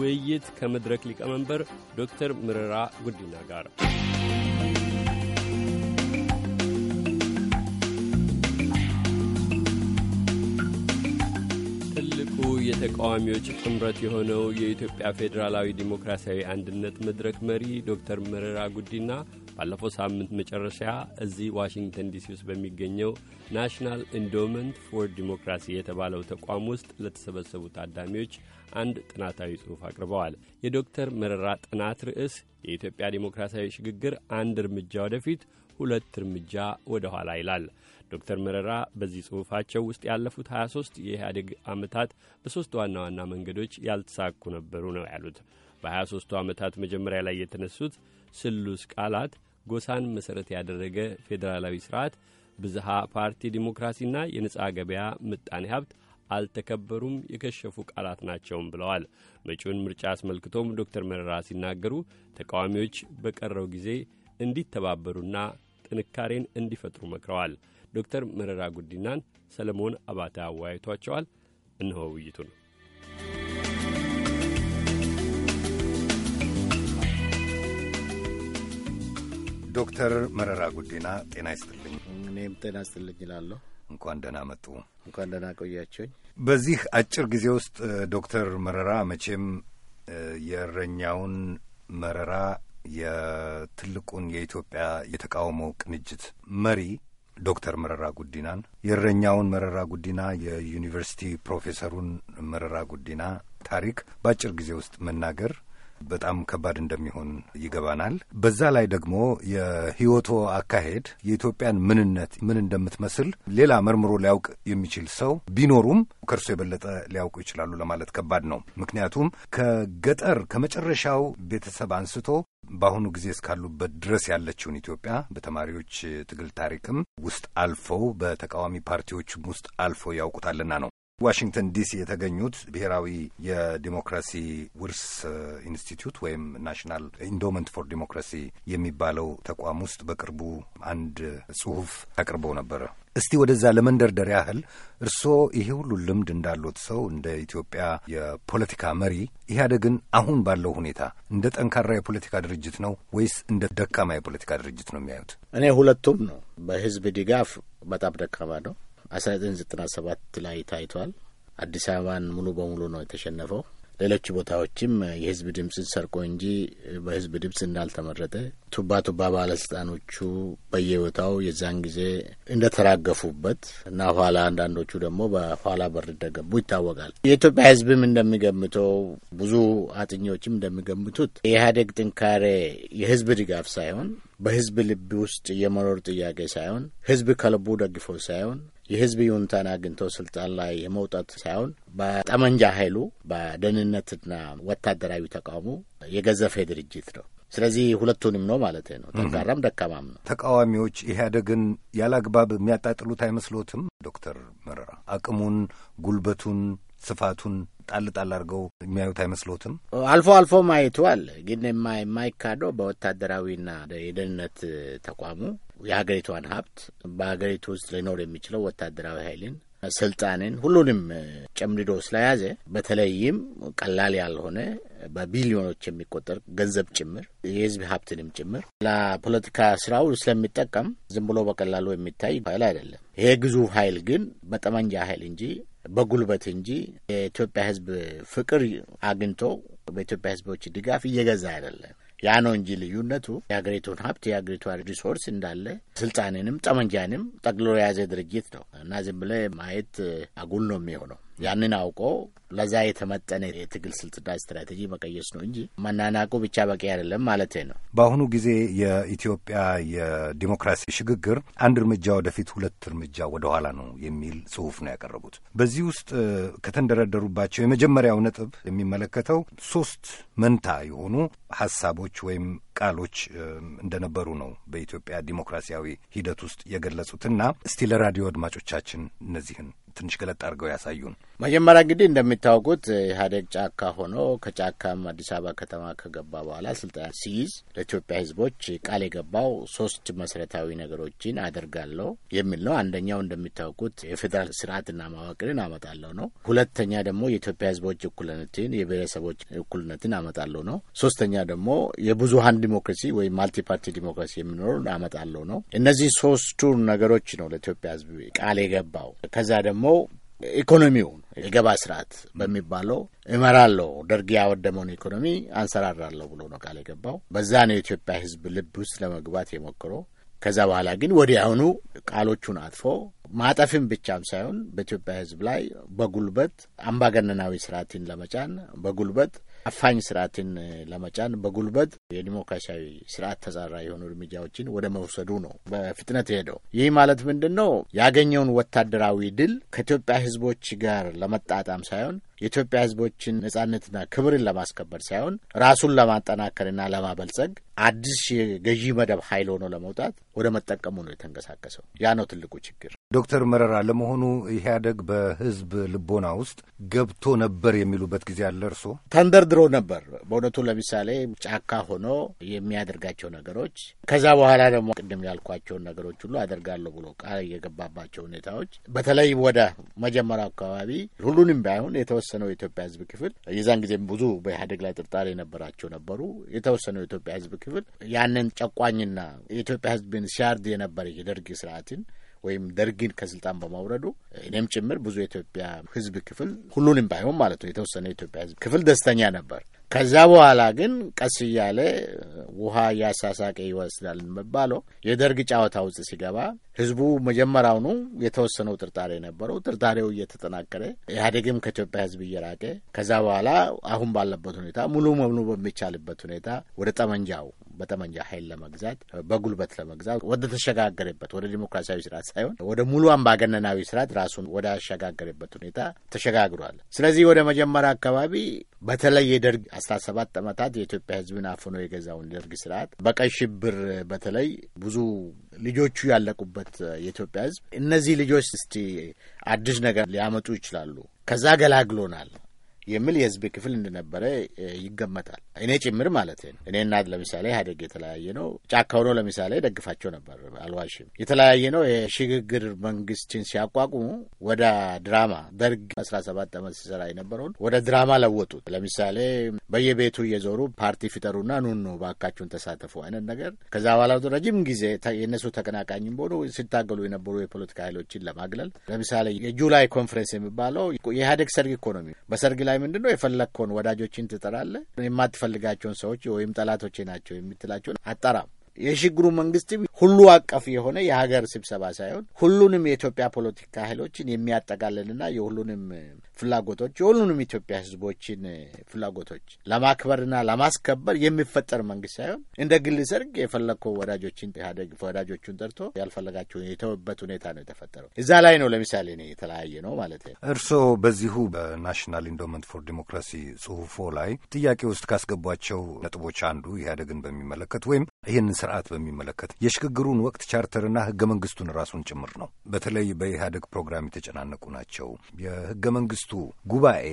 ውይይት ከመድረክ ሊቀመንበር ዶክተር ምርራ ጉዲና ጋር የተቃዋሚዎች ጥምረት የሆነው የኢትዮጵያ ፌዴራላዊ ዲሞክራሲያዊ አንድነት መድረክ መሪ ዶክተር መረራ ጉዲና ባለፈው ሳምንት መጨረሻ እዚህ ዋሽንግተን ዲሲ ውስጥ በሚገኘው ናሽናል ኢንዶመንት ፎር ዲሞክራሲ የተባለው ተቋም ውስጥ ለተሰበሰቡ ታዳሚዎች አንድ ጥናታዊ ጽሑፍ አቅርበዋል። የዶክተር መረራ ጥናት ርዕስ የኢትዮጵያ ዲሞክራሲያዊ ሽግግር አንድ እርምጃ ወደፊት ሁለት እርምጃ ወደ ኋላ ይላል። ዶክተር መረራ በዚህ ጽሑፋቸው ውስጥ ያለፉት 23 የኢህአዴግ ዓመታት በሦስት ዋና ዋና መንገዶች ያልተሳኩ ነበሩ ነው ያሉት። በ23ቱ ዓመታት መጀመሪያ ላይ የተነሱት ስሉስ ቃላት ጎሳን መሠረት ያደረገ ፌዴራላዊ ስርዓት፣ ብዝሃ ፓርቲ ዲሞክራሲና የነጻ ገበያ ምጣኔ ሀብት አልተከበሩም፣ የከሸፉ ቃላት ናቸውም ብለዋል። መጪውን ምርጫ አስመልክቶም ዶክተር መረራ ሲናገሩ ተቃዋሚዎች በቀረው ጊዜ እንዲተባበሩና ጥንካሬን እንዲፈጥሩ መክረዋል። ዶክተር መረራ ጉዲናን ሰለሞን አባተ አወያይቷቸዋል። እነሆ ውይይቱ ነው። ዶክተር መረራ ጉዲና ጤና ይስጥልኝ። እኔም ጤና ይስጥልኝ ይላለሁ። እንኳን ደህና መጡ። እንኳን ደህና ቆያችሁኝ። በዚህ አጭር ጊዜ ውስጥ ዶክተር መረራ መቼም የእረኛውን መረራ የትልቁን የኢትዮጵያ የተቃውሞ ቅንጅት መሪ ዶክተር መረራ ጉዲናን የእረኛውን መረራ ጉዲና የዩኒቨርሲቲ ፕሮፌሰሩን መረራ ጉዲና ታሪክ በአጭር ጊዜ ውስጥ መናገር በጣም ከባድ እንደሚሆን ይገባናል። በዛ ላይ ደግሞ የህይወቶ አካሄድ የኢትዮጵያን ምንነት ምን እንደምትመስል ሌላ መርምሮ ሊያውቅ የሚችል ሰው ቢኖሩም ከእርሶ የበለጠ ሊያውቁ ይችላሉ ለማለት ከባድ ነው። ምክንያቱም ከገጠር ከመጨረሻው ቤተሰብ አንስቶ በአሁኑ ጊዜ እስካሉበት ድረስ ያለችውን ኢትዮጵያ በተማሪዎች ትግል ታሪክም ውስጥ አልፈው በተቃዋሚ ፓርቲዎችም ውስጥ አልፈው ያውቁታልና ነው። ዋሽንግተን ዲሲ የተገኙት ብሔራዊ የዲሞክራሲ ውርስ ኢንስቲትዩት ወይም ናሽናል ኢንዶመንት ፎር ዲሞክራሲ የሚባለው ተቋም ውስጥ በቅርቡ አንድ ጽሁፍ አቅርበው ነበረ። እስቲ ወደዛ ለመንደርደር ያህል እርስዎ ይሄ ሁሉ ልምድ እንዳሉት ሰው እንደ ኢትዮጵያ የፖለቲካ መሪ ኢህአዴግን አሁን ባለው ሁኔታ እንደ ጠንካራ የፖለቲካ ድርጅት ነው ወይስ እንደ ደካማ የፖለቲካ ድርጅት ነው የሚያዩት? እኔ ሁለቱም ነው። በህዝብ ድጋፍ በጣም ደካማ ነው። አስራ ዘጠኝ ዘጠና ሰባት ላይ ታይቷል። አዲስ አበባን ሙሉ በሙሉ ነው የተሸነፈው። ሌሎች ቦታዎችም የህዝብ ድምፅን ሰርቆ እንጂ በህዝብ ድምፅ እንዳልተመረጠ ቱባ ቱባ ባለስልጣኖቹ በየቦታው የዛን ጊዜ እንደተራገፉበት እና ኋላ አንዳንዶቹ ደግሞ በኋላ በር እንደገቡ ይታወቃል። የኢትዮጵያ ህዝብም እንደሚገምተው ብዙ አጥኚዎችም እንደሚገምቱት የኢህአዴግ ጥንካሬ የህዝብ ድጋፍ ሳይሆን በህዝብ ልብ ውስጥ የመኖር ጥያቄ ሳይሆን ህዝብ ከልቡ ደግፎ ሳይሆን የህዝብ ይሁንታን አግኝተው ስልጣን ላይ የመውጣት ሳይሆን በጠመንጃ ኃይሉ በደህንነትና ወታደራዊ ተቃውሞ የገዘፈ ድርጅት ነው። ስለዚህ ሁለቱንም ነው ማለት ነው። ጠንካራም ደካማም ነው። ተቃዋሚዎች ኢህአዴግን ያላግባብ የሚያጣጥሉት አይመስሎትም? ዶክተር መረራ አቅሙን፣ ጉልበቱን፣ ስፋቱን ጣል ጣል አድርገው የሚያዩት አይመስሎትም? አልፎ አልፎ ማየቱ አለ። ግን የማይካደው በወታደራዊና የደህንነት ተቋሙ የሀገሪቷን ሀብት በሀገሪቱ ውስጥ ሊኖር የሚችለው ወታደራዊ ኃይልን፣ ስልጣንን ሁሉንም ጨምድዶ ስለያዘ በተለይም ቀላል ያልሆነ በቢሊዮኖች የሚቆጠር ገንዘብ ጭምር የህዝብ ሀብትንም ጭምር ለፖለቲካ ስራው ስለሚጠቀም ዝም ብሎ በቀላሉ የሚታይ ኃይል አይደለም። ይሄ ግዙፍ ኃይል ግን በጠመንጃ ኃይል እንጂ በጉልበት እንጂ የኢትዮጵያ ህዝብ ፍቅር አግኝቶ በኢትዮጵያ ህዝቦች ድጋፍ እየገዛ አይደለም። ያ ነው እንጂ ልዩነቱ የሀገሪቱን ሀብት የሀገሪቷን ሪሶርስ እንዳለ ስልጣኔንም ጠመንጃንም ጠቅልሎ የያዘ ድርጅት ነው እና ዝም ብለህ ማየት አጉል ነው የሚሆነው። ያንን አውቆ ለዛ የተመጠነ የትግል ስልትና ስትራቴጂ መቀየስ ነው እንጂ መናናቁ ብቻ በቂ አይደለም ማለት ነው። በአሁኑ ጊዜ የኢትዮጵያ የዲሞክራሲ ሽግግር አንድ እርምጃ ወደፊት፣ ሁለት እርምጃ ወደኋላ ነው የሚል ጽሁፍ ነው ያቀረቡት። በዚህ ውስጥ ከተንደረደሩባቸው የመጀመሪያው ነጥብ የሚመለከተው ሶስት መንታ የሆኑ ሀሳቦች ወይም ቃሎች እንደነበሩ ነው በኢትዮጵያ ዲሞክራሲያዊ ሂደት ውስጥ የገለጹትና እስቲ ለራዲዮ አድማጮቻችን እነዚህን ትንሽ ገለጥ አድርገው ያሳዩን። መጀመሪያ እንግዲህ እንደሚ እንደምታውቁት ኢህአዴግ ጫካ ሆኖ ከጫካም አዲስ አበባ ከተማ ከገባ በኋላ ስልጣን ሲይዝ ለኢትዮጵያ ህዝቦች ቃል የገባው ሶስት መሰረታዊ ነገሮችን አደርጋለሁ የሚል ነው። አንደኛው እንደሚታወቁት የፌዴራል ስርዓትና ማዋቅርን አመጣለሁ ነው። ሁለተኛ ደግሞ የኢትዮጵያ ህዝቦች እኩልነትን፣ የብሔረሰቦች እኩልነትን አመጣለሁ ነው። ሶስተኛ ደግሞ የብዙሀን ዲሞክራሲ ወይም ማልቲፓርቲ ዲሞክራሲ የሚኖሩን አመጣለሁ ነው። እነዚህ ሶስቱ ነገሮች ነው ለኢትዮጵያ ህዝብ ቃል የገባው። ከዛ ደግሞ ኢኮኖሚውን የገባ ስርዓት በሚባለው እመራለሁ፣ ደርግ ያወደመውን ኢኮኖሚ አንሰራራለሁ ብሎ ነው ቃል የገባው። በዛ ነው የኢትዮጵያ ሕዝብ ልብ ውስጥ ለመግባት የሞክረው። ከዛ በኋላ ግን ወዲያውኑ ቃሎቹን አጥፎ ማጠፍም ብቻም ሳይሆን በኢትዮጵያ ሕዝብ ላይ በጉልበት አምባገነናዊ ስርዓትን ለመጫን በጉልበት አፋኝ ስርዓትን ለመጫን በጉልበት የዲሞክራሲያዊ ስርዓት ተዛራ የሆኑ እርምጃዎችን ወደ መውሰዱ ነው በፍጥነት ሄደው። ይህ ማለት ምንድን ነው? ያገኘውን ወታደራዊ ድል ከኢትዮጵያ ህዝቦች ጋር ለመጣጣም ሳይሆን የኢትዮጵያ ሕዝቦችን ነጻነትና ክብርን ለማስከበር ሳይሆን ራሱን ለማጠናከርና ለማበልጸግ አዲስ የገዢ መደብ ኃይል ሆኖ ለመውጣት ወደ መጠቀሙ ነው የተንቀሳቀሰው። ያ ነው ትልቁ ችግር። ዶክተር መረራ ለመሆኑ ኢህአደግ በህዝብ ልቦና ውስጥ ገብቶ ነበር የሚሉበት ጊዜ አለ? እርሶ ተንደርድሮ ነበር በእውነቱ ለምሳሌ ጫካ ሆኖ የሚያደርጋቸው ነገሮች፣ ከዛ በኋላ ደግሞ ቅድም ያልኳቸውን ነገሮች ሁሉ አደርጋለሁ ብሎ ቃል የገባባቸው ሁኔታዎች፣ በተለይ ወደ መጀመሪያው አካባቢ ሁሉንም ባይሆን የተወሰ የተወሰነው የኢትዮጵያ ህዝብ ክፍል የዛን ጊዜም ብዙ በኢህአዴግ ላይ ጥርጣሬ የነበራቸው ነበሩ። የተወሰነው የኢትዮጵያ ህዝብ ክፍል ያንን ጨቋኝና የኢትዮጵያ ህዝብን ሲያርድ የነበረ የደርግ ስርዓትን ወይም ደርግን ከስልጣን በማውረዱ እኔም ጭምር ብዙ የኢትዮጵያ ሕዝብ ክፍል ሁሉንም ባይሆን ማለት ነው የተወሰነ የኢትዮጵያ ሕዝብ ክፍል ደስተኛ ነበር። ከዛ በኋላ ግን ቀስ እያለ ውሃ እያሳሳቀ ይወስዳል የሚባለው የደርግ ጨዋታ ውስጥ ሲገባ ህዝቡ መጀመሪያውኑ የተወሰነው ጥርጣሬ ነበረው። ጥርጣሬው እየተጠናከረ ኢህአዴግም ከኢትዮጵያ ህዝብ እየራቀ ከዛ በኋላ አሁን ባለበት ሁኔታ ሙሉ በሙሉ በሚቻልበት ሁኔታ ወደ ጠመንጃው በጠመንጃ ኃይል ለመግዛት በጉልበት ለመግዛት ወደ ተሸጋገረበት ወደ ዲሞክራሲያዊ ስርዓት ሳይሆን ወደ ሙሉ አምባገነናዊ ስርዓት ራሱን ወደ አሸጋገረበት ሁኔታ ተሸጋግሯል። ስለዚህ ወደ መጀመሪያ አካባቢ በተለይ የደርግ አስራ ሰባት ዓመታት የኢትዮጵያ ሕዝብን አፍኖ የገዛውን ደርግ ስርዓት በቀይ ሽብር በተለይ ብዙ ልጆቹ ያለቁበት የኢትዮጵያ ሕዝብ እነዚህ ልጆች እስቲ አዲስ ነገር ሊያመጡ ይችላሉ፣ ከዛ ገላግሎናል የሚል የህዝብ ክፍል እንደነበረ ይገመታል። እኔ ጭምር ማለት ነው። እኔ እናት ለምሳሌ ኢህአዴግ የተለያየ ነው። ጫካ ሆኖ ለምሳሌ ደግፋቸው ነበር፣ አልዋሽም። የተለያየ ነው። የሽግግር መንግስትን ሲያቋቁሙ ወደ ድራማ ደርግ አስራ ሰባት ዓመት ሲሰራ የነበረውን ወደ ድራማ ለወጡት። ለምሳሌ በየቤቱ እየዞሩ ፓርቲ ፍጠሩና ኑኑ ባካችሁን ተሳተፉ አይነት ነገር ከዛ በኋላ ረጅም ጊዜ የእነሱ ተቀናቃኝም በሆኑ ሲታገሉ የነበሩ የፖለቲካ ኃይሎችን ለማግለል ለምሳሌ የጁላይ ኮንፈረንስ የሚባለው የኢህአዴግ ሰርግ ኢኮኖሚ በሰርግ ላይ ምንድን ነው የፈለግከውን ወዳጆችን ትጠራለህ። የማትፈልጋቸውን ሰዎች ወይም ጠላቶቼ ናቸው የምትላቸውን አጠራም የሽግግሩ መንግስት ሁሉ አቀፍ የሆነ የሀገር ስብሰባ ሳይሆን ሁሉንም የኢትዮጵያ ፖለቲካ ኃይሎችን የሚያጠቃልልና የሁሉንም ፍላጎቶች የሁሉንም ኢትዮጵያ ህዝቦችን ፍላጎቶች ለማክበርና ለማስከበር የሚፈጠር መንግስት ሳይሆን እንደ ግል ሰርግ የፈለግከው ወዳጆችን ኢህአዴግ ወዳጆቹን ጠርቶ ያልፈለጋቸውን የተወበት ሁኔታ ነው የተፈጠረው። እዛ ላይ ነው ለምሳሌ እኔ የተለያየ ነው ማለት ነው። እርስዎ በዚሁ በናሽናል ኢንዶመንት ፎር ዲሞክራሲ ጽሁፎ ላይ ጥያቄ ውስጥ ካስገቧቸው ነጥቦች አንዱ ኢህአዴግን በሚመለከት ወይም ይህንን ስርዓት በሚመለከት የሽግግሩን ወቅት ቻርተርና ህገ መንግስቱን ራሱን ጭምር ነው። በተለይ በኢህአደግ ፕሮግራም የተጨናነቁ ናቸው። የህገ መንግስቱ ጉባኤ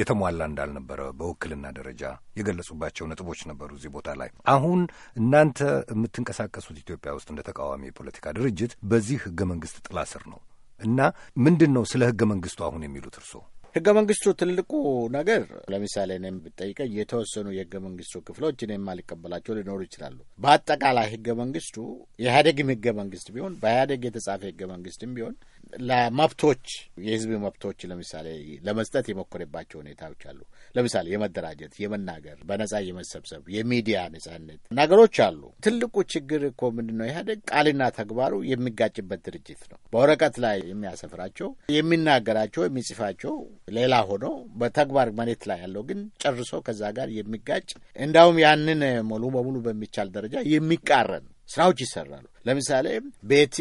የተሟላ እንዳልነበረ በውክልና ደረጃ የገለጹባቸው ነጥቦች ነበሩ። እዚህ ቦታ ላይ አሁን እናንተ የምትንቀሳቀሱት ኢትዮጵያ ውስጥ እንደ ተቃዋሚ የፖለቲካ ድርጅት በዚህ ህገ መንግስት ጥላ ስር ነው እና ምንድን ነው ስለ ህገ መንግስቱ አሁን የሚሉት እርስዎ? ህገ መንግስቱ ትልቁ ነገር ለምሳሌ እኔም ብጠይቀኝ የተወሰኑ የህገ መንግስቱ ክፍሎች እኔ ማልቀበላቸው ሊኖሩ ይችላሉ። በአጠቃላይ ህገ መንግስቱ የኢህአዴግም ህገ መንግስት ቢሆን በኢህአዴግ የተጻፈ ህገ መንግስትም ቢሆን ለመብቶች የህዝብ መብቶች ለምሳሌ ለመስጠት የሞከረባቸው ሁኔታዎች አሉ። ለምሳሌ የመደራጀት፣ የመናገር፣ በነጻ የመሰብሰብ፣ የሚዲያ ነጻነት ነገሮች አሉ። ትልቁ ችግር እኮ ምንድን ነው? ኢህአዴግ ቃልና ተግባሩ የሚጋጭበት ድርጅት ነው። በወረቀት ላይ የሚያሰፍራቸው፣ የሚናገራቸው፣ የሚጽፋቸው ሌላ ሆኖ በተግባር መሬት ላይ ያለው ግን ጨርሶ ከዛ ጋር የሚጋጭ እንዳውም ያንን ሙሉ በሙሉ በሚቻል ደረጃ የሚቃረን ስራዎች ይሰራሉ። ለምሳሌ ቤቲ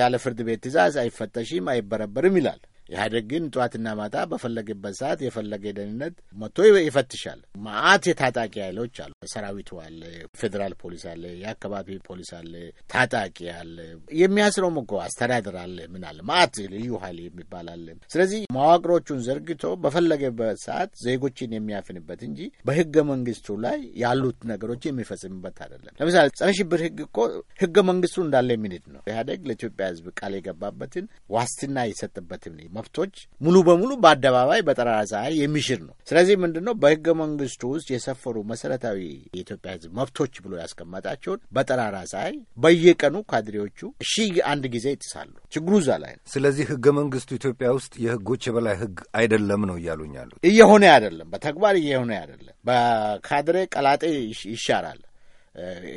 ያለ ፍርድ ቤት ትእዛዝ አይፈተሽም፣ አይበረበርም ይላል። ኢህአዴግ ግን ጠዋትና ማታ በፈለገበት ሰዓት የፈለገ ደህንነት መጥቶ ይፈትሻል። ማአት የታጣቂ ኃይሎች አሉ። ሰራዊቱ አለ፣ ፌዴራል ፖሊስ አለ፣ የአካባቢ ፖሊስ አለ፣ ታጣቂ አለ። የሚያስረውም እኮ አስተዳደር አለ፣ ምን አለ፣ ማአት ልዩ ኃይል የሚባል አለ። ስለዚህ መዋቅሮቹን ዘርግቶ በፈለገበት ሰዓት ዜጎችን የሚያፍንበት እንጂ በህገ መንግስቱ ላይ ያሉት ነገሮች የሚፈጽምበት አይደለም። ለምሳሌ ጸረ ሽብር ህግ እኮ ህገ መንግስቱ እንዳለ የሚንድ ነው። ኢህአዴግ ለኢትዮጵያ ህዝብ ቃል የገባበትን ዋስትና የሰጥበትም መብቶች ሙሉ በሙሉ በአደባባይ በጠራራ ፀሐይ የሚሽር ነው። ስለዚህ ምንድን ነው በህገ መንግስቱ ውስጥ የሰፈሩ መሰረታዊ የኢትዮጵያ ህዝብ መብቶች ብሎ ያስቀመጣቸውን በጠራራ ፀሐይ በየቀኑ ካድሬዎቹ እሺ አንድ ጊዜ ይጥሳሉ። ችግሩ እዛ ላይ ነው። ስለዚህ ህገ መንግስቱ ኢትዮጵያ ውስጥ የህጎች የበላይ ህግ አይደለም ነው እያሉኝ ያሉት። እየሆነ አይደለም፣ በተግባር እየሆነ አይደለም። በካድሬ ቀላጤ ይሻራል።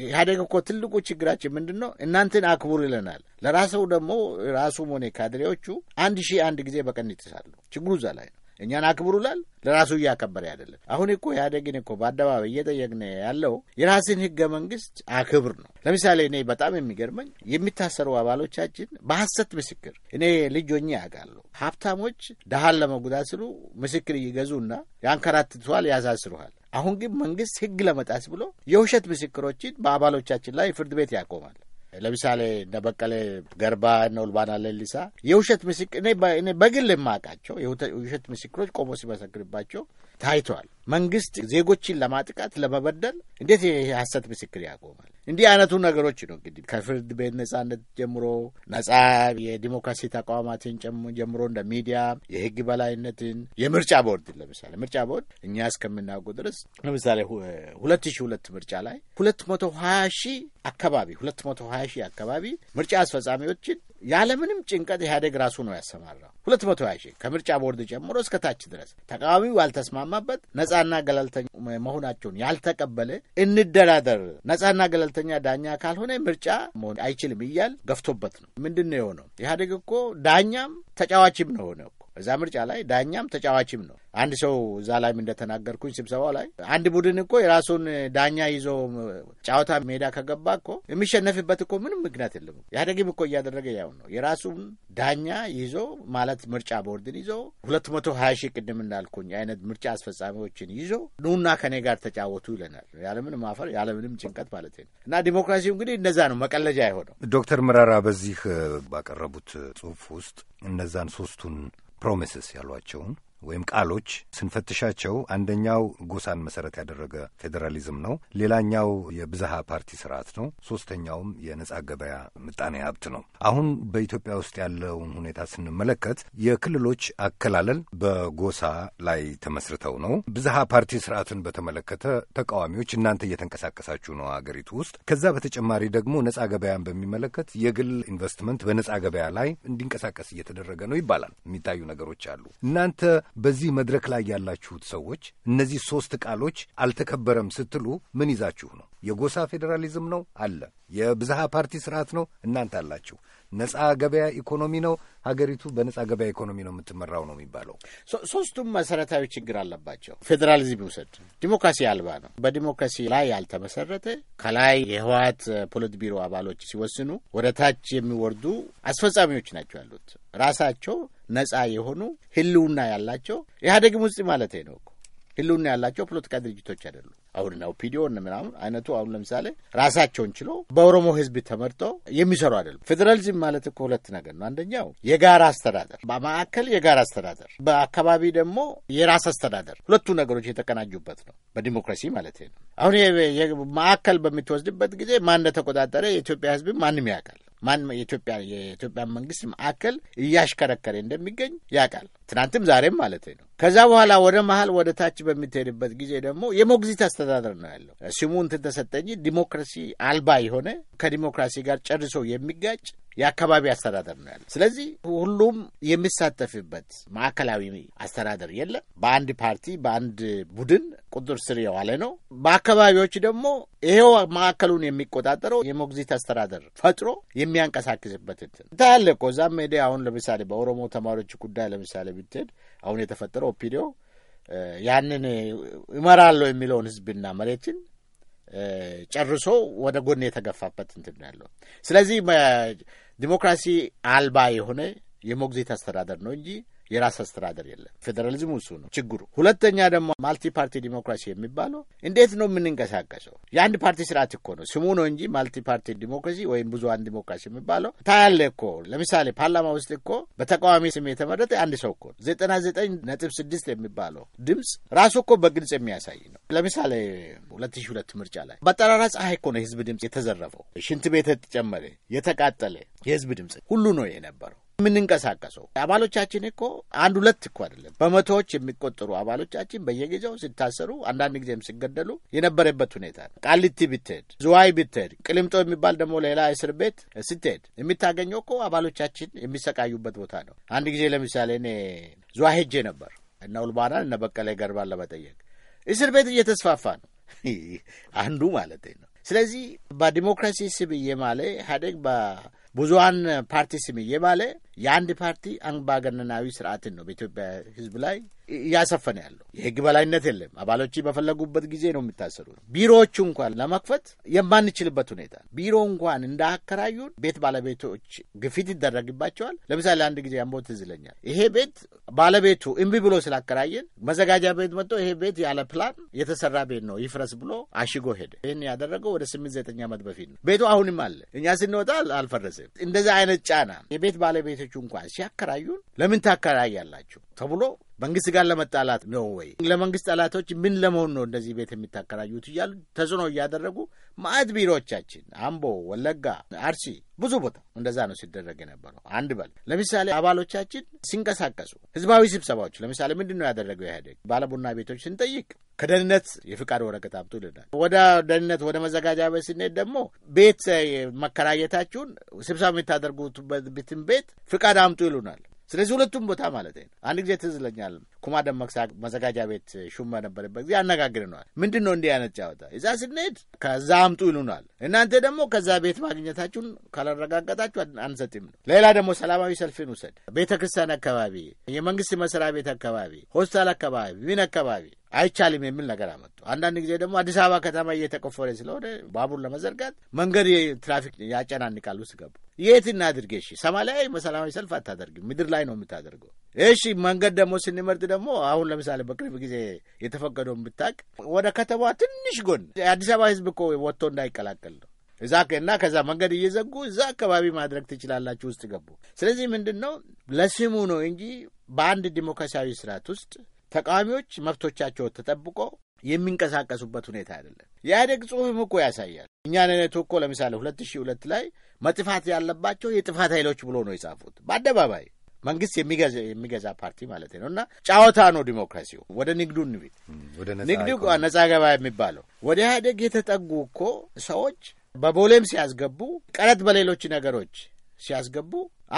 ኢህአዴግ እኮ ትልቁ ችግራችን ምንድን ነው? እናንተን አክቡር ይለናል። ለራሰው ደግሞ ራሱም ሆነ ካድሬዎቹ አንድ ሺህ አንድ ጊዜ በቀን ይጥሳሉ። ችግሩ እዛ ላይ ነው። እኛን ላል ለራሱ እያከበረ አይደለም። አሁን እኮ ኢህአዴግን እኮ በአደባባይ እየጠየቅን ያለው የራስን ህገ መንግስት አክብር ነው። ለምሳሌ እኔ በጣም የሚገርመኝ የሚታሰሩ አባሎቻችን በሐሰት ምስክር እኔ ልጆኝ ሆኜ ሀብታሞች ደሃን ለመጉዳት ስሉ ምስክር እየገዙና ያንከራትቷል፣ ያሳስሩሃል። አሁን ግን መንግስት ህግ ለመጣስ ብሎ የውሸት ምስክሮችን በአባሎቻችን ላይ ፍርድ ቤት ያቆማል። ለምሳሌ እነ በቀለ ገርባ እነ ኡልባና ሌሊሳ የውሸት ምስክር እኔ በግል የማውቃቸው የውሸት ምስክሮች ቆሞ ሲመሰክርባቸው ታይቷል። መንግስት ዜጎችን ለማጥቃት ለመበደል እንዴት የሐሰት ምስክር ያቆማል? እንዲህ አይነቱ ነገሮች ነው እንግዲህ ከፍርድ ቤት ነጻነት ጀምሮ ነጻ የዲሞክራሲ ተቋማትን ጀምሮ እንደ ሚዲያ፣ የህግ በላይነትን፣ የምርጫ ቦርድ ለምሳሌ ምርጫ ቦርድ እኛ እስከምናውቀው ድረስ ለምሳሌ ሁለት ሺ ሁለት ምርጫ ላይ ሁለት መቶ ሀያ ሺ አካባቢ ሁለት መቶ ሀያ ሺ አካባቢ ምርጫ አስፈጻሚዎችን ያለምንም ጭንቀት ኢህአዴግ ራሱ ነው ያሰማራው። ሁለት መቶ ሀያ ሺ ከምርጫ ቦርድ ጀምሮ እስከታች ድረስ ተቃዋሚው አልተስማ የተስማማበት ነጻና ገለልተኛ መሆናቸውን ያልተቀበለ እንደራደር፣ ነጻና ገለልተኛ ዳኛ ካልሆነ ምርጫ መሆን አይችልም እያል ገፍቶበት ነው። ምንድን ነው የሆነው? ኢህአዴግ እኮ ዳኛም ተጫዋችም ነው ሆነው በዛ ምርጫ ላይ ዳኛም ተጫዋችም ነው። አንድ ሰው እዛ ላይም እንደተናገርኩኝ ስብሰባው ላይ አንድ ቡድን እኮ የራሱን ዳኛ ይዞ ጨዋታ ሜዳ ከገባ እኮ የሚሸነፍበት እኮ ምንም ምክንያት የለም። ኢህአዴግም እኮ እያደረገ ያው ነው። የራሱን ዳኛ ይዞ ማለት ምርጫ ቦርድን ይዞ ሁለት መቶ ሀያ ሺህ ቅድም እንዳልኩኝ አይነት ምርጫ አስፈጻሚዎችን ይዞ ኑና ከኔ ጋር ተጫወቱ ይለናል። ያለምንም አፈር ያለምንም ጭንቀት ማለት ነው። እና ዲሞክራሲው እንግዲህ እነዛ ነው መቀለጃ የሆነው። ዶክተር መራራ በዚህ ባቀረቡት ጽሁፍ ውስጥ እነዛን ሶስቱን ፕሮሚስስ ያሏቸውን ወይም ቃሎች ስንፈትሻቸው አንደኛው ጎሳን መሰረት ያደረገ ፌዴራሊዝም ነው። ሌላኛው የብዝሃ ፓርቲ ስርዓት ነው። ሶስተኛውም የነጻ ገበያ ምጣኔ ሀብት ነው። አሁን በኢትዮጵያ ውስጥ ያለውን ሁኔታ ስንመለከት የክልሎች አከላለል በጎሳ ላይ ተመስርተው ነው። ብዝሃ ፓርቲ ስርዓትን በተመለከተ ተቃዋሚዎች እናንተ እየተንቀሳቀሳችሁ ነው አገሪቱ ውስጥ። ከዛ በተጨማሪ ደግሞ ነጻ ገበያን በሚመለከት የግል ኢንቨስትመንት በነጻ ገበያ ላይ እንዲንቀሳቀስ እየተደረገ ነው ይባላል። የሚታዩ ነገሮች አሉ እናንተ በዚህ መድረክ ላይ ያላችሁት ሰዎች እነዚህ ሶስት ቃሎች አልተከበረም ስትሉ ምን ይዛችሁ ነው? የጎሳ ፌዴራሊዝም ነው አለ። የብዝሃ ፓርቲ ስርዓት ነው እናንተ አላችሁ። ነጻ ገበያ ኢኮኖሚ ነው ሀገሪቱ በነጻ ገበያ ኢኮኖሚ ነው የምትመራው ነው የሚባለው። ሶስቱም መሰረታዊ ችግር አለባቸው። ፌዴራሊዝም ይውሰድ፣ ዲሞክራሲ አልባ ነው። በዲሞክራሲ ላይ ያልተመሰረተ ከላይ የህወሀት ፖለት ቢሮ አባሎች ሲወስኑ ወደ ታች የሚወርዱ አስፈጻሚዎች ናቸው ያሉት ራሳቸው ነጻ የሆኑ ህልውና ያላቸው ኢህአዴግም ውስጥ ማለት ነው እኮ ህልውና ያላቸው ፖለቲካ ድርጅቶች አይደሉም። አሁን ነው ፒዲዮ ምናምን አይነቱ አሁን ለምሳሌ ራሳቸውን ችሎ በኦሮሞ ህዝብ ተመርጠው የሚሰሩ አይደሉም። ፌዴራሊዝም ማለት እኮ ሁለት ነገር ነው። አንደኛው የጋራ አስተዳደር፣ በማዕከል የጋራ አስተዳደር፣ በአካባቢ ደግሞ የራስ አስተዳደር። ሁለቱ ነገሮች የተቀናጁበት ነው በዲሞክራሲ ማለት ነው። አሁን ማዕከል በምትወስድበት ጊዜ ማን እንደተቆጣጠረ የኢትዮጵያ ህዝብም ማንም ያውቃል። ማን የኢትዮጵያ የኢትዮጵያ መንግስት ማዕከል እያሽከረከረ እንደሚገኝ ያውቃል። ትናንትም ዛሬም ማለት ነው። ከዛ በኋላ ወደ መሀል ወደ ታች በሚትሄድበት ጊዜ ደግሞ የሞግዚት አስተዳደር ነው ያለው። ስሙ እንትን ተሰጠኝ። ዲሞክራሲ አልባ የሆነ ከዲሞክራሲ ጋር ጨርሶ የሚጋጭ የአካባቢ አስተዳደር ነው ያለ። ስለዚህ ሁሉም የሚሳተፍበት ማዕከላዊ አስተዳደር የለም። በአንድ ፓርቲ በአንድ ቡድን ቁጥር ስር የዋለ ነው። በአካባቢዎች ደግሞ ይሄው ማዕከሉን የሚቆጣጠረው የሞግዚት አስተዳደር ፈጥሮ የሚያንቀሳቅስበት እንትን ታያለ እኮ እዛም ሄደ። አሁን ለምሳሌ በኦሮሞ ተማሪዎች ጉዳይ ለምሳሌ ብትሄድ አሁን የተፈጠረው ፒዲዮ ያንን እመራለሁ የሚለውን ህዝብና መሬትን ጨርሶ ወደ ጎን የተገፋበት እንትን ያለው ስለዚህ ዲሞክራሲ አልባ የሆነ የሞግዚት አስተዳደር ነው እንጂ የራስ አስተዳደር የለም። ፌዴራሊዝሙ እሱ ነው ችግሩ። ሁለተኛ ደግሞ ማልቲ ፓርቲ ዲሞክራሲ የሚባለው እንዴት ነው የምንንቀሳቀሰው? የአንድ ፓርቲ ስርዓት እኮ ነው ስሙ ነው እንጂ ማልቲ ፓርቲ ዲሞክራሲ ወይም ብዙሀን ዲሞክራሲ የሚባለው ታያለ እኮ ለምሳሌ ፓርላማ ውስጥ እኮ በተቃዋሚ ስም የተመረጠ አንድ ሰው እኮ ዘጠና ዘጠኝ ነጥብ ስድስት የሚባለው ድምፅ ራሱ እኮ በግልጽ የሚያሳይ ነው። ለምሳሌ ሁለት ሺ ሁለት ምርጫ ላይ በጠራራ ፀሐይ እኮ ነው የህዝብ ድምፅ የተዘረፈው፣ ሽንት ቤት የተጨመረ የተቃጠለ የህዝብ ድምፅ ሁሉ ነው የነበረው። የምንንቀሳቀሰው አባሎቻችን እኮ አንድ ሁለት እኮ አይደለም፣ በመቶዎች የሚቆጠሩ አባሎቻችን በየጊዜው ሲታሰሩ፣ አንዳንድ ጊዜም ሲገደሉ የነበረበት ሁኔታ ነው። ቃሊቲ ብትሄድ፣ ዝዋይ ብትሄድ፣ ቅሊምጦ የሚባል ደግሞ ሌላ እስር ቤት ስትሄድ የሚታገኘው እኮ አባሎቻችን የሚሰቃዩበት ቦታ ነው። አንድ ጊዜ ለምሳሌ እኔ ዝዋይ ሄጄ ነበር እና ኡልባናን እነ በቀለ ገርባን ለመጠየቅ እስር ቤት እየተስፋፋ ነው አንዱ ማለት ነው። ስለዚህ በዲሞክራሲ ስብዬ ማለ ኢህአዴግ በብዙሀን ፓርቲ ስም እየማለ የአንድ ፓርቲ አንባገነናዊ ስርዓትን ነው በኢትዮጵያ ህዝብ ላይ እያሰፈነ ያለው። የህግ በላይነት የለም። አባሎች በፈለጉበት ጊዜ ነው የሚታሰሩት። ቢሮዎቹ እንኳን ለመክፈት የማንችልበት ሁኔታ፣ ቢሮ እንኳን እንዳከራዩን ቤት ባለቤቶች ግፊት ይደረግባቸዋል። ለምሳሌ አንድ ጊዜ አምቦ ትዝ ይለኛል። ይሄ ቤት ባለቤቱ እምቢ ብሎ ስላከራየን መዘጋጃ ቤት መጥቶ ይሄ ቤት ያለ ፕላን የተሰራ ቤት ነው ይፍረስ ብሎ አሽጎ ሄደ። ይህን ያደረገው ወደ ስምንት ዘጠኝ ዓመት በፊት ነው። ቤቱ አሁንም አለ። እኛ ስንወጣ አልፈረሰም። እንደዛ አይነት ጫና የቤት ባለቤቶች ቤቶቹ እንኳን ሲያከራዩን ለምን ታከራያላችሁ ተብሎ መንግስት ጋር ለመጣላት ነው ወይ? ለመንግስት ጠላቶች ምን ለመሆን ነው እንደዚህ ቤት የሚታከራዩት? እያሉ ተጽዕኖ እያደረጉ ማዕት ቢሮዎቻችን አምቦ፣ ወለጋ፣ አርሲ ብዙ ቦታ እንደዛ ነው ሲደረግ የነበረው። አንድ በል ለምሳሌ አባሎቻችን ሲንቀሳቀሱ ህዝባዊ ስብሰባዎች ለምሳሌ ምንድን ነው ያደረገው ኢህአዴግ? ባለቡና ቤቶች ስንጠይቅ ከደህንነት የፍቃድ ወረቀት አምጡ ይልናል። ወደ ደህንነት ወደ መዘጋጃ ቤት ስንሄድ ደግሞ ቤት መከራየታችሁን ስብሰባ የምታደርጉትበትን ቤት ፍቃድ አምጡ ይሉናል። ስለዚህ ሁለቱም ቦታ ማለት ነው። አንድ ጊዜ ትዝ ይለኛል ኩማ ደመቅሳ መዘጋጃ ቤት ሹም በነበረበት ጊዜ አነጋግረነዋል። ምንድን ነው እንዲህ አይነት ጫወታ እዛ ስንሄድ ከዛ አምጡ ይሉናል። እናንተ ደግሞ ከዛ ቤት ማግኘታችሁን ካላረጋገጣችሁ አንሰጥም ነው። ሌላ ደግሞ ሰላማዊ ሰልፍን ውሰድ፣ ቤተ ክርስቲያን አካባቢ፣ የመንግስት መስሪያ ቤት አካባቢ፣ ሆስታል አካባቢ፣ ምን አካባቢ አይቻልም የሚል ነገር አመጡ። አንዳንድ ጊዜ ደግሞ አዲስ አበባ ከተማ እየተቆፈረ ስለሆነ ባቡር ለመዘርጋት መንገድ ትራፊክ ያጨናንቃል ውስጥ ገቡ። የት እናድርግ? እሺ ሰማ ላይ ሰላማዊ ሰልፍ አታደርግ፣ ምድር ላይ ነው የምታደርገው። እሺ መንገድ ደግሞ ስንመርጥ ደግሞ አሁን ለምሳሌ በቅርብ ጊዜ የተፈቀደውን ብታቅ ወደ ከተማዋ ትንሽ ጎን አዲስ አበባ ህዝብ እኮ ወጥቶ እንዳይቀላቀል ነው እዛ እና ከዛ መንገድ እየዘጉ እዛ አካባቢ ማድረግ ትችላላችሁ ውስጥ ገቡ። ስለዚህ ምንድን ነው ለስሙ ነው እንጂ በአንድ ዲሞክራሲያዊ ስርዓት ውስጥ ተቃዋሚዎች መብቶቻቸው ተጠብቆ የሚንቀሳቀሱበት ሁኔታ አይደለም። የኢህአዴግ ጽሁፍም እኮ ያሳያል። እኛ ነነቱ እኮ ለምሳሌ ሁለት ሺህ ሁለት ላይ መጥፋት ያለባቸው የጥፋት ኃይሎች ብሎ ነው የጻፉት። በአደባባይ መንግስት የሚገዛ ፓርቲ ማለት ነው። እና ጨዋታ ነው ዲሞክራሲው። ወደ ንግዱ እንሂድ። ንግዱ ነጻ ገባ የሚባለው ወደ ኢህአዴግ የተጠጉ እኮ ሰዎች በቦሌም ሲያስገቡ፣ ቀረጥ በሌሎች ነገሮች ሲያስገቡ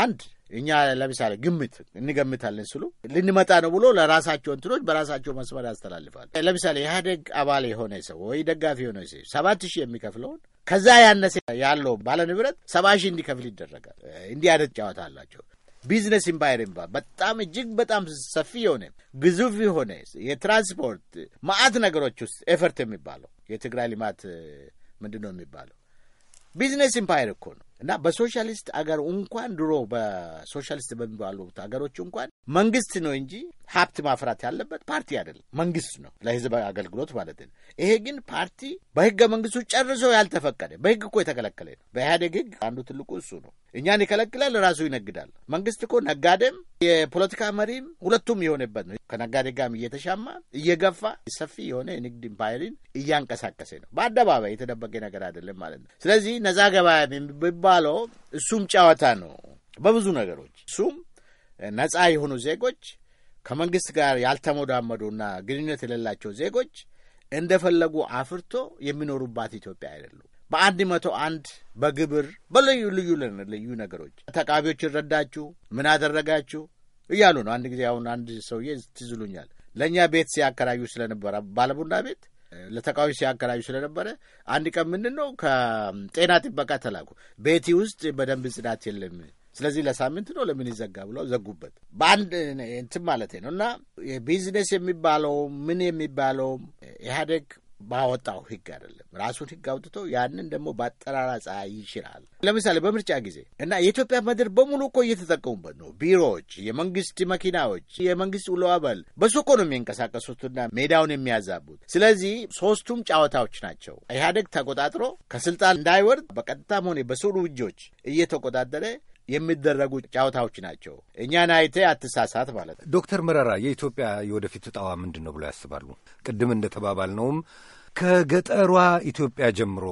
አንድ እኛ ለምሳሌ ግምት እንገምታለን ስሉ ልንመጣ ነው ብሎ ለራሳቸው እንትኖች በራሳቸው መስመር ያስተላልፋል። ለምሳሌ ኢህአዴግ አባል የሆነ ሰው ወይ ደጋፊ የሆነ ሰው ሰባት ሺህ የሚከፍለውን ከዛ ያነሰ ያለው ባለ ንብረት ሰባ ሺህ እንዲከፍል ይደረጋል። እንዲህ አይነት ጨዋታ አላቸው። ቢዝነስ ኢምፓየር በጣም እጅግ በጣም ሰፊ የሆነ ግዙፍ የሆነ የትራንስፖርት ማአት ነገሮች ውስጥ ኤፈርት የሚባለው የትግራይ ልማት ምንድን ነው የሚባለው ቢዝነስ ኢምፓየር እኮ ነው። እና በሶሻሊስት አገር እንኳን ድሮ በሶሻሊስት በሚባሉት አገሮች እንኳን መንግስት ነው እንጂ ሀብት ማፍራት ያለበት ፓርቲ አይደለም፣ መንግስት ነው ለህዝብ አገልግሎት ማለት ነው። ይሄ ግን ፓርቲ በህገ መንግስቱ ጨርሶ ያልተፈቀደ በህግ እኮ የተከለከለ ነው። በኢህአዴግ ህግ አንዱ ትልቁ እሱ ነው። እኛን ይከለክላል፣ ራሱ ይነግዳል። መንግስት እኮ ነጋዴም የፖለቲካ መሪም ሁለቱም የሆነበት ነው። ከነጋዴ ጋርም እየተሻማ እየገፋ ሰፊ የሆነ የንግድ ኢምፓየርን እያንቀሳቀሰ ነው። በአደባባይ የተደበቀ ነገር አይደለም ማለት ነው። ስለዚህ ነጻ ገበያ የሚባለው እሱም ጨዋታ ነው በብዙ ነገሮች። እሱም ነጻ የሆኑ ዜጎች ከመንግስት ጋር ያልተሞዳመዱና ግንኙነት የሌላቸው ዜጎች እንደፈለጉ አፍርቶ የሚኖሩባት ኢትዮጵያ አይደሉም። በአንድ መቶ አንድ በግብር በልዩ ልዩ ልዩ ነገሮች ተቃቢዎች ረዳችሁ፣ ምን አደረጋችሁ እያሉ ነው። አንድ ጊዜ አሁን አንድ ሰውዬ ትዝሉኛል። ለእኛ ቤት ሲያከራዩ ስለነበረ ባለቡና ቤት ለተቃዋሚ ሲያከራዩ ስለነበረ አንድ ቀን ምንድን ነው ከጤና ጥበቃ ተላኩ። ቤቲ ውስጥ በደንብ ጽዳት የለም፣ ስለዚህ ለሳምንት ነው ለምን ይዘጋ ብለው ዘጉበት። በአንድ እንትን ማለት ነው እና ቢዝነስ የሚባለውም ምን የሚባለውም ኢህአዴግ ባወጣው ህግ አይደለም። ራሱን ህግ አውጥቶ ያንን ደግሞ በአጠራራ ፀሐይ ይችላል። ለምሳሌ በምርጫ ጊዜ እና የኢትዮጵያ ምድር በሙሉ እኮ እየተጠቀሙበት ነው። ቢሮዎች፣ የመንግስት መኪናዎች፣ የመንግስት ውሎ አበል በሱ እኮ ነው የሚንቀሳቀሱትና ሜዳውን የሚያዛቡት። ስለዚህ ሶስቱም ጨዋታዎች ናቸው። ኢህአደግ ተቆጣጥሮ ከስልጣን እንዳይወርድ በቀጥታም ሆነ በስሩ እጆች እየተቆጣጠረ የሚደረጉ ጨዋታዎች ናቸው። እኛን አይቴ አትሳሳት ማለት ነው። ዶክተር መረራ የኢትዮጵያ የወደፊት እጣዋ ምንድን ነው ብሎ ያስባሉ? ቅድም እንደተባባል ነውም ከገጠሯ ኢትዮጵያ ጀምሮ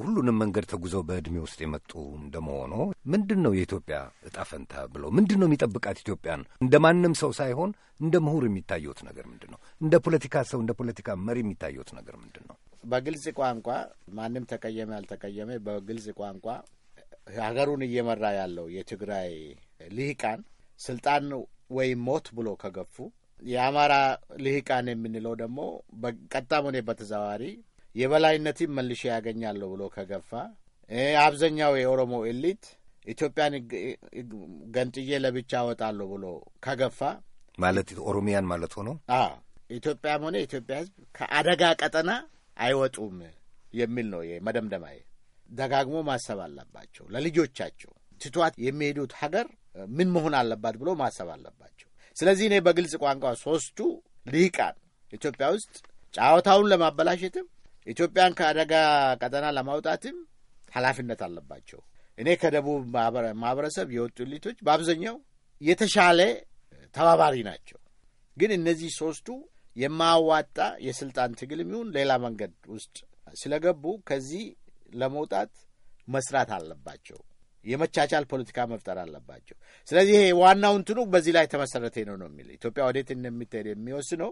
ሁሉንም መንገድ ተጉዘው በእድሜ ውስጥ የመጡ እንደመሆኖ ምንድን ነው የኢትዮጵያ እጣ ፈንታ ብለው ምንድን ነው የሚጠብቃት ኢትዮጵያን? እንደ ማንም ሰው ሳይሆን እንደ ምሁር የሚታየት ነገር ምንድን ነው? እንደ ፖለቲካ ሰው፣ እንደ ፖለቲካ መሪ የሚታየት ነገር ምንድን ነው? በግልጽ ቋንቋ ማንም ተቀየመ ያልተቀየመ፣ በግልጽ ቋንቋ ሀገሩን እየመራ ያለው የትግራይ ልሂቃን ስልጣን ወይም ሞት ብሎ ከገፉ የአማራ ልሂቃን የምንለው ደግሞ በቀጥታም ሆነ በተዘዋዋሪ የበላይነትን መልሼ ያገኛለሁ ብሎ ከገፋ አብዛኛው የኦሮሞ ኤሊት ኢትዮጵያን ገንጥዬ ለብቻ እወጣለሁ ብሎ ከገፋ ማለት ኦሮሚያን ማለት ሆኖ ኢትዮጵያም ሆነ የኢትዮጵያ ሕዝብ ከአደጋ ቀጠና አይወጡም የሚል ነው መደምደማዬ። ደጋግሞ ማሰብ አለባቸው። ለልጆቻቸው ትቷት የሚሄዱት ሀገር ምን መሆን አለባት ብሎ ማሰብ አለባቸው። ስለዚህ እኔ በግልጽ ቋንቋ ሶስቱ ልሂቃን ኢትዮጵያ ውስጥ ጨዋታውን ለማበላሸትም ኢትዮጵያን ከአደጋ ቀጠና ለማውጣትም ኃላፊነት አለባቸው። እኔ ከደቡብ ማህበረሰብ የወጡ ሊቶች በአብዛኛው የተሻለ ተባባሪ ናቸው። ግን እነዚህ ሶስቱ የማያዋጣ የስልጣን ትግልም ይሁን ሌላ መንገድ ውስጥ ስለገቡ ከዚህ ለመውጣት መስራት አለባቸው። የመቻቻል ፖለቲካ መፍጠር አለባቸው። ስለዚህ ይሄ ዋናው እንትኑ በዚህ ላይ ተመሰረተ ነው ነው የሚል ኢትዮጵያ ወዴት እንደሚትሄድ የሚወስነው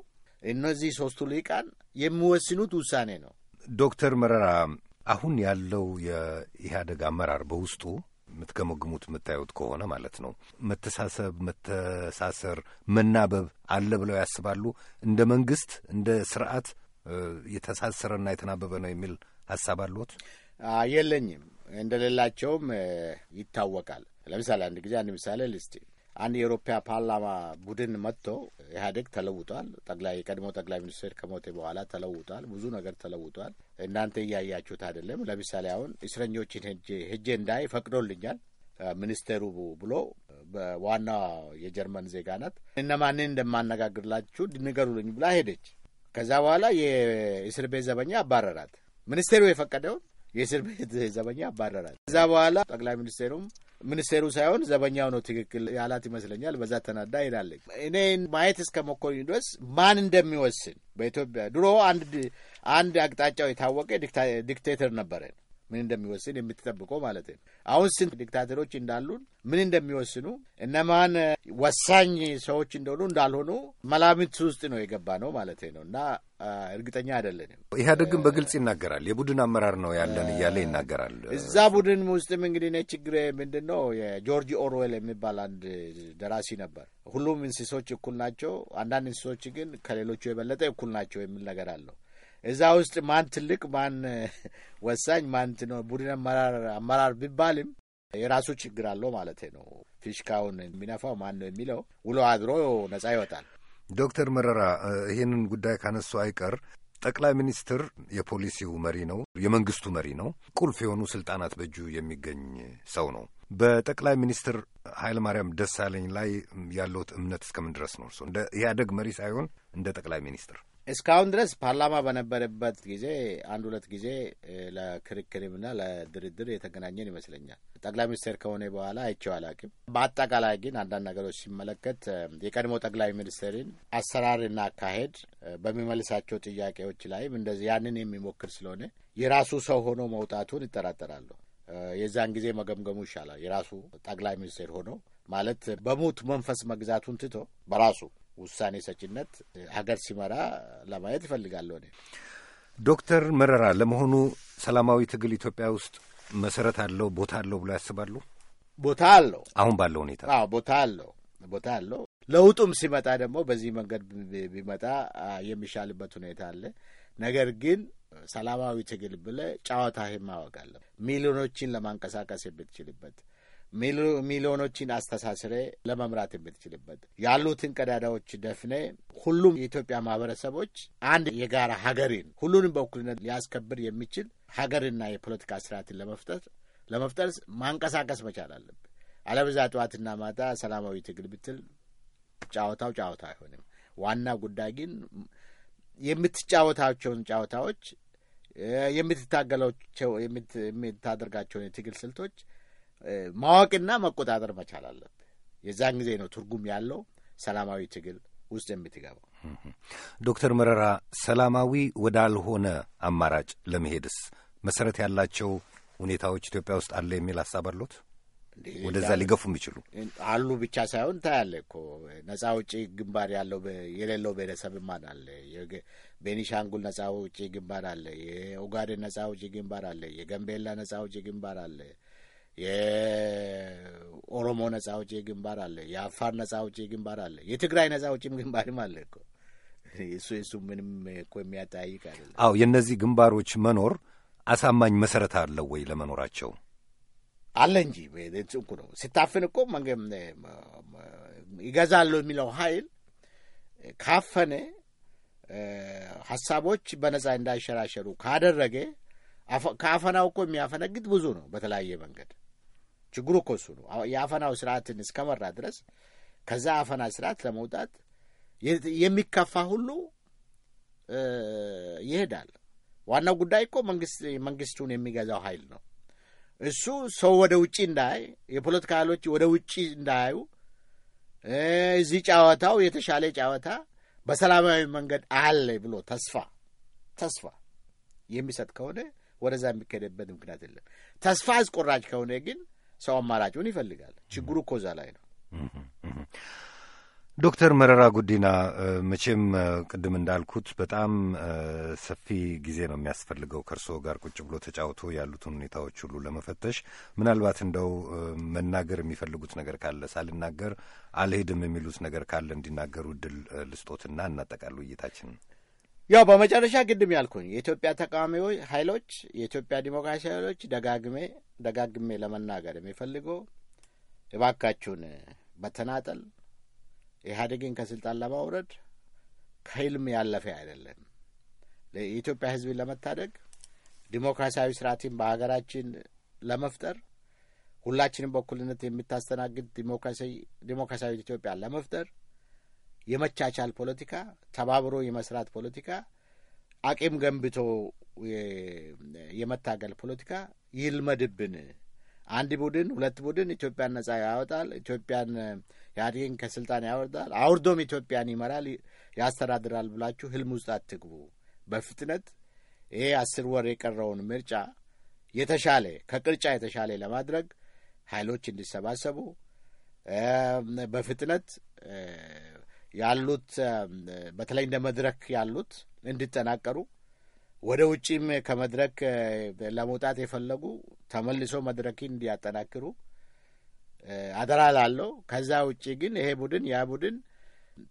እነዚህ ሶስቱ ልሂቃን የሚወስኑት ውሳኔ ነው። ዶክተር መረራ አሁን ያለው የኢህአደግ አመራር በውስጡ የምትገመግሙት የምታዩት ከሆነ ማለት ነው መተሳሰብ፣ መተሳሰር፣ መናበብ አለ ብለው ያስባሉ? እንደ መንግስት እንደ ስርዓት የተሳሰረና የተናበበ ነው የሚል ሀሳብ አለዎት? የለኝም እንደሌላቸውም ይታወቃል። ለምሳሌ አንድ ጊዜ አንድ ምሳሌ ልስቲ አንድ የአውሮፓ ፓርላማ ቡድን መጥቶ ኢህአዴግ ተለውጧል፣ ጠቅላይ የቀድሞ ጠቅላይ ሚኒስትር ከሞተ በኋላ ተለውጧል፣ ብዙ ነገር ተለውጧል፣ እናንተ እያያችሁት አይደለም። ለምሳሌ አሁን እስረኞችን ሄጄ እንዳይ ፈቅዶልኛል ሚኒስቴሩ ብሎ በዋና የጀርመን ዜጋ ናት። እነማንን እንደማነጋግርላችሁ ንገሩልኝ ብላ ሄደች። ከዛ በኋላ የእስር ቤት ዘበኛ አባረራት። ሚኒስቴሩ የፈቀደውን የእስር ቤት ዘበኛ አባረራል ከዛ በኋላ ጠቅላይ ሚኒስቴሩም ሚኒስቴሩ ሳይሆን ዘበኛው ነው ትክክል ያላት ይመስለኛል። በዛ ተናዳ ሄዳለች። እኔ ማየት እስከ መኮንን ድረስ ማን እንደሚወስን በኢትዮጵያ ድሮ አንድ አንድ አቅጣጫው የታወቀ ዲክቴተር ነበረ ምን እንደሚወስን የምትጠብቀው ማለት ነው። አሁን ስንት ዲክታተሮች እንዳሉን ምን እንደሚወስኑ እነማን ወሳኝ ሰዎች እንደሆኑ እንዳልሆኑ መላምት ውስጥ ነው የገባ ነው ማለት ነው። እና እርግጠኛ አይደለንም። ኢህአዴግ በግልጽ ይናገራል። የቡድን አመራር ነው ያለን እያለ ይናገራል። እዛ ቡድን ውስጥም እንግዲህ ነ ችግር ምንድን ነው የጆርጅ ኦርዌል የሚባል አንድ ደራሲ ነበር። ሁሉም እንስሶች እኩል ናቸው፣ አንዳንድ እንስሶች ግን ከሌሎቹ የበለጠ እኩል ናቸው የሚል ነገር አለው። እዛ ውስጥ ማን ትልቅ ማን ወሳኝ ማን ቡድን አመራር ቢባልም የራሱ ችግር አለው ማለት ነው። ፊሽካውን የሚነፋው ማን ነው የሚለው ውሎ አድሮ ነጻ ይወጣል። ዶክተር መረራ ይህንን ጉዳይ ካነሱ አይቀር ጠቅላይ ሚኒስትር የፖሊሲው መሪ ነው፣ የመንግስቱ መሪ ነው። ቁልፍ የሆኑ ስልጣናት በእጁ የሚገኝ ሰው ነው። በጠቅላይ ሚኒስትር ኃይለማርያም ደሳለኝ ላይ ያለውት እምነት እስከምን ድረስ ነው? እርስዎ እንደ ኢህአደግ መሪ ሳይሆን እንደ ጠቅላይ ሚኒስትር እስካሁን ድረስ ፓርላማ በነበረበት ጊዜ አንድ ሁለት ጊዜ ለክርክርምና ለድርድር የተገናኘን ይመስለኛል። ጠቅላይ ሚኒስትር ከሆነ በኋላ አይቼው አላውቅም። በአጠቃላይ ግን አንዳንድ ነገሮች ሲመለከት የቀድሞ ጠቅላይ ሚኒስትርን አሰራርና አካሄድ በሚመልሳቸው ጥያቄዎች ላይም እንደዚህ ያንን የሚሞክር ስለሆነ የራሱ ሰው ሆኖ መውጣቱን ይጠራጠራለሁ። የዛን ጊዜ መገምገሙ ይሻላል። የራሱ ጠቅላይ ሚኒስትር ሆኖ ማለት በሙት መንፈስ መግዛቱን ትቶ በራሱ ውሳኔ ሰጭነት ሀገር ሲመራ ለማየት ይፈልጋለ እኔ ዶክተር መረራ ለመሆኑ ሰላማዊ ትግል ኢትዮጵያ ውስጥ መሰረት አለው ቦታ አለው ብሎ ያስባሉ? ቦታ አለው። አሁን ባለው ሁኔታ ቦታ አለው። ቦታ አለው። ለውጡም ሲመጣ ደግሞ በዚህ መንገድ ቢመጣ የሚሻልበት ሁኔታ አለ። ነገር ግን ሰላማዊ ትግል ብለህ ጨዋታ ማወቅ አለ። ሚሊዮኖችን ለማንቀሳቀስ የምትችልበት ሚሊዮኖችን አስተሳስሬ ለመምራት የምትችልበት ያሉትን ቀዳዳዎች ደፍኔ ሁሉም የኢትዮጵያ ማህበረሰቦች አንድ የጋራ ሀገርን ሁሉንም በእኩልነት ሊያስከብር የሚችል ሀገርና የፖለቲካ ስርዓትን ለመፍጠር ለመፍጠር ማንቀሳቀስ መቻል አለብን። አለበዛ ጠዋትና ማታ ሰላማዊ ትግል ብትል ጫወታው ጫወታ አይሆንም። ዋና ጉዳይ ግን የምትጫወታቸውን ጫወታዎች የምትታገላቸው የምታደርጋቸውን የትግል ስልቶች ማወቅና መቆጣጠር መቻል አለብህ። የዛን ጊዜ ነው ትርጉም ያለው ሰላማዊ ትግል ውስጥ የምትገባው። ዶክተር መረራ ሰላማዊ ወዳልሆነ አማራጭ ለመሄድስ መሰረት ያላቸው ሁኔታዎች ኢትዮጵያ ውስጥ አለ የሚል ሀሳብ አሉት? ወደዛ ሊገፉ የሚችሉ አሉ ብቻ ሳይሆን ታያለ እኮ ነጻ ውጭ ግንባር ያለው የሌለው ብሔረሰብ ማን አለ? ቤኒሻንጉል ነጻ አውጪ ግንባር አለ፣ የኦጋዴን ነጻ ውጪ ግንባር አለ፣ የገንቤላ ነጻ ውጭ ግንባር አለ፣ የኦሮሞ ነጻ አውጪ ግንባር አለ፣ የአፋር ነጻ አውጪ ግንባር አለ፣ የትግራይ ነጻ አውጪም ግንባርም አለ እኮ። እሱ እሱ ምንም እኮ የሚያጠያይቅ አይደለም። አዎ የእነዚህ ግንባሮች መኖር አሳማኝ መሰረት አለው ወይ ለመኖራቸው? አለ እንጂ እኮ ነው ሲታፍን እኮ ይገዛሉ የሚለው ኃይል ካፈነ ሀሳቦች በነጻ እንዳይሸራሸሩ ካደረገ ከአፈናው እኮ የሚያፈነግጥ ብዙ ነው በተለያየ መንገድ ችግሩ እኮ እሱ ነው። የአፈናው ስርዓትን እስከመራ ድረስ ከዛ አፈና ስርዓት ለመውጣት የሚከፋ ሁሉ ይሄዳል። ዋናው ጉዳይ እኮ መንግስቱን የሚገዛው ኃይል ነው። እሱ ሰው ወደ ውጭ እንዳያይ፣ የፖለቲካ ኃይሎች ወደ ውጭ እንዳያዩ፣ እዚህ ጨዋታው የተሻለ ጨዋታ በሰላማዊ መንገድ አለ ብሎ ተስፋ ተስፋ የሚሰጥ ከሆነ ወደዛ የሚካሄድበት ምክንያት የለም። ተስፋ አስቆራጭ ከሆነ ግን ሰው አማራጩን ይፈልጋል። ችግሩ እኮ እዛ ላይ ነው። ዶክተር መረራ ጉዲና መቼም ቅድም እንዳልኩት በጣም ሰፊ ጊዜ ነው የሚያስፈልገው ከእርስዎ ጋር ቁጭ ብሎ ተጫውቶ ያሉትን ሁኔታዎች ሁሉ ለመፈተሽ። ምናልባት እንደው መናገር የሚፈልጉት ነገር ካለ ሳልናገር አልሄድም የሚሉት ነገር ካለ እንዲናገሩ እድል ልስጦትና እናጠቃሉ ውይይታችን። ያው በመጨረሻ ግድም ያልኩኝ የኢትዮጵያ ተቃዋሚ ኃይሎች የኢትዮጵያ ዲሞክራሲያዊ ኃይሎች ደጋግሜ ደጋግሜ ለመናገር የሚፈልገው እባካችሁን በተናጠል ኢህአዴግን ከስልጣን ለማውረድ ከህልም ያለፈ አይደለም። የኢትዮጵያ ህዝብን ለመታደግ ዲሞክራሲያዊ ስርዓትን በሀገራችን ለመፍጠር ሁላችንም በኩልነት የሚታስተናግድ ዲሞክራሲያዊ ኢትዮጵያ ለመፍጠር የመቻቻል ፖለቲካ፣ ተባብሮ የመስራት ፖለቲካ፣ አቂም ገንብቶ የመታገል ፖለቲካ ይልመድብን። አንድ ቡድን ሁለት ቡድን ኢትዮጵያን ነጻ ያወጣል፣ ኢትዮጵያን ኢህአዴግን ከስልጣን ያወርዳል፣ አውርዶም ኢትዮጵያን ይመራል ያስተዳድራል ብላችሁ ህልም ውስጥ አትግቡ። በፍጥነት ይሄ አስር ወር የቀረውን ምርጫ የተሻለ ከቅርጫ የተሻለ ለማድረግ ኃይሎች እንዲሰባሰቡ በፍጥነት ያሉት በተለይ እንደ መድረክ ያሉት እንዲጠናቀሩ ወደ ውጪም ከመድረክ ለመውጣት የፈለጉ ተመልሶ መድረክን እንዲያጠናክሩ አደራ ላለው። ከዛ ውጪ ግን ይሄ ቡድን ያ ቡድን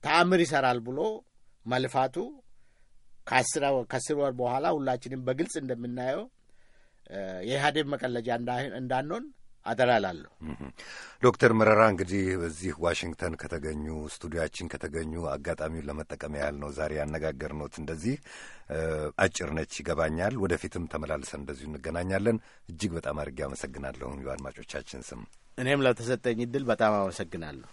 ተአምር ይሰራል ብሎ መልፋቱ ከአስር ወር በኋላ ሁላችንም በግልጽ እንደምናየው የኢህአዴግ መቀለጃ እንዳንሆን አደላላለሁ። ዶክተር መረራ እንግዲህ በዚህ ዋሽንግተን ከተገኙ ስቱዲያችን ከተገኙ አጋጣሚውን ለመጠቀም ያህል ነው ዛሬ ያነጋገርነው። እንደዚህ አጭር ነች ይገባኛል። ወደፊትም ተመላልሰን እንደዚሁ እንገናኛለን። እጅግ በጣም አድርጌ አመሰግናለሁ። የአድማጮቻችን ስም እኔም ለተሰጠኝ እድል በጣም አመሰግናለሁ።